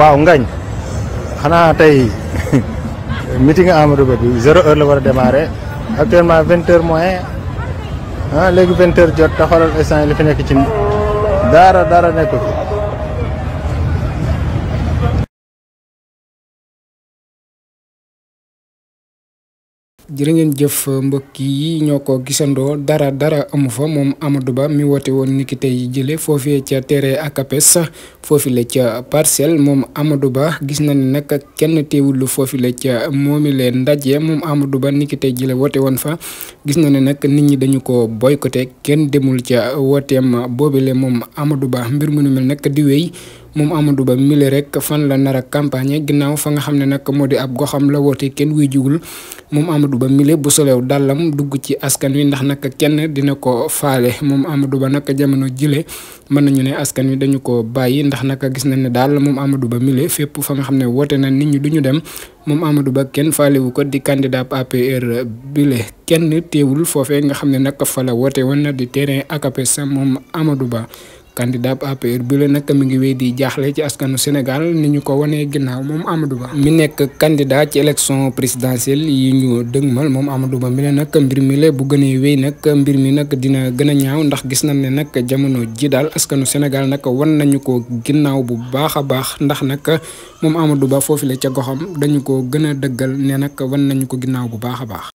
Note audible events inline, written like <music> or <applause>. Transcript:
waaw ngañ xanaa tey <laughs> meeting Amadou Ba bi zéro heure la war a démarrer actuellement vingt heures moins ah léegi vingt heures jot te xoolal instant li fi nekk ci dara dara nekk fi jërë ngeen jëf mbokki yi ñoo ko gisandoo dara dara amu fa moom Amadou Ba mi woote woon niki tey jële foofee ca terrain ACAPES foofu la ca parcelle moom Amadou Ba gis na ne nag kenn teewul foofu la ca moomi leen ndaje moom Amadou Ba niki tey jële woote woon fa gis na ne nag nit ñi dañu ko boycotté kenn demul ca wooteem boobile moom amadu Ba mbir mu nu nag di wéy moom Amadou Ba mile rek fan la nara a ginnaaw fa nga xam ne nag moo di ab goxam la woote kenn wuy jugul moom Amadou Ba mile bu solew dàllam dugg ci askan wi ndax nag kenn dina ko faale moom Amadou Ba nag jamono jile mën nañu ne askan wi dañu ko bàyyi ndax nag gis nañ ne daal moom Amadou Ba mile fépp fa nga xam ne woote na nit ñi duñu dem moom Amadou Ba kenn faalewu ko di candidat APR bile kenn teewul foofee nga xam ne nag fa la woote woon na di terrain ACAPES moom Amadou Ba candidat APR bi la nag mi ngi wéy di jaaxle ci askanu Sénégal ni ñu ko wanee ginnaaw moom Amadou Ba mi nekk kandidaa ci élection présidentielle yi ñu dëgmal moom Amadou Ba mi la nag mbir mi la bu gënee wéy nag mbir mi nag dina gën a ñaaw ndax gis nañ ne nag jamono ji daal askanu Sénégal nag wan nañu ko ginnaaw bu baax a baax ndax nag moom Amadou Ba foofu la ca goxam dañu ko gën a dëggal ne nag wan nañu ko ginnaaw bu baax a baax